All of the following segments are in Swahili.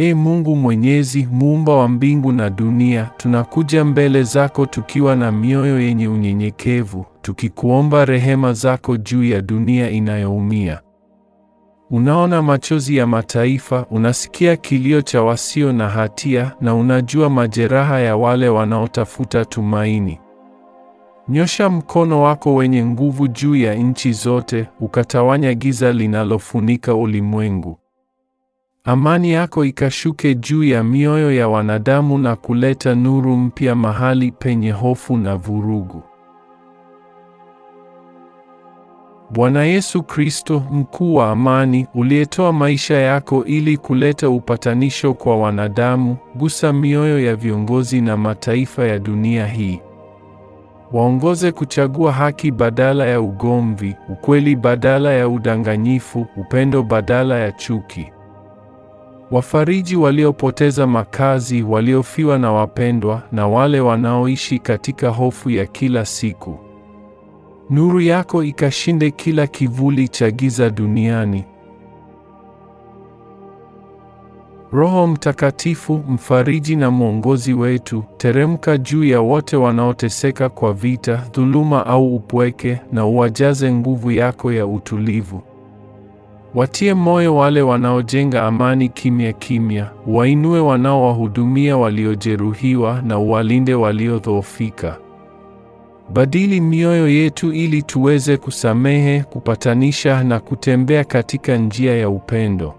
E Mungu Mwenyezi, muumba wa mbingu na dunia, tunakuja mbele zako tukiwa na mioyo yenye unyenyekevu, tukikuomba rehema zako juu ya dunia inayoumia. Unaona machozi ya mataifa, unasikia kilio cha wasio na hatia, na unajua majeraha ya wale wanaotafuta tumaini. Nyosha mkono wako wenye nguvu juu ya nchi zote, ukatawanya giza linalofunika ulimwengu. Amani yako ikashuke juu ya mioyo ya wanadamu na kuleta nuru mpya mahali penye hofu na vurugu. Bwana Yesu Kristo, mkuu wa amani, uliyetoa maisha yako ili kuleta upatanisho kwa wanadamu, gusa mioyo ya viongozi na mataifa ya dunia hii. Waongoze kuchagua haki badala ya ugomvi, ukweli badala ya udanganyifu, upendo badala ya chuki. Wafariji waliopoteza makazi, waliofiwa na wapendwa, na wale wanaoishi katika hofu ya kila siku. Nuru yako ikashinde kila kivuli cha giza duniani. Roho Mtakatifu, mfariji na mwongozi wetu, teremka juu ya wote wanaoteseka kwa vita, dhuluma au upweke, na uwajaze nguvu yako ya utulivu. Watie moyo wale wanaojenga amani kimya kimya, wainue wanaowahudumia waliojeruhiwa na uwalinde waliodhoofika. Badili mioyo yetu ili tuweze kusamehe, kupatanisha na kutembea katika njia ya upendo.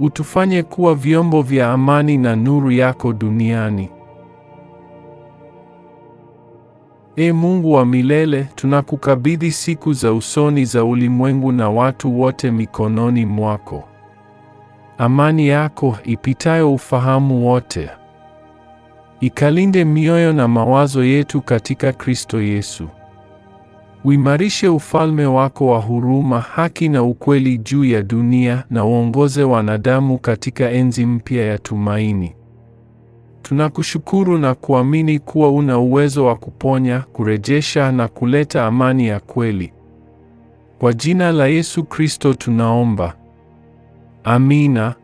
Utufanye kuwa vyombo vya amani na nuru yako duniani. E Mungu wa milele, tunakukabidhi siku za usoni za ulimwengu na watu wote mikononi mwako. Amani yako ipitayo ufahamu wote ikalinde mioyo na mawazo yetu katika Kristo Yesu. Uimarishe ufalme wako wa huruma, haki na ukweli juu ya dunia, na uongoze wanadamu katika enzi mpya ya tumaini. Tunakushukuru na kuamini kuwa una uwezo wa kuponya, kurejesha na kuleta amani ya kweli. Kwa jina la Yesu Kristo tunaomba. Amina.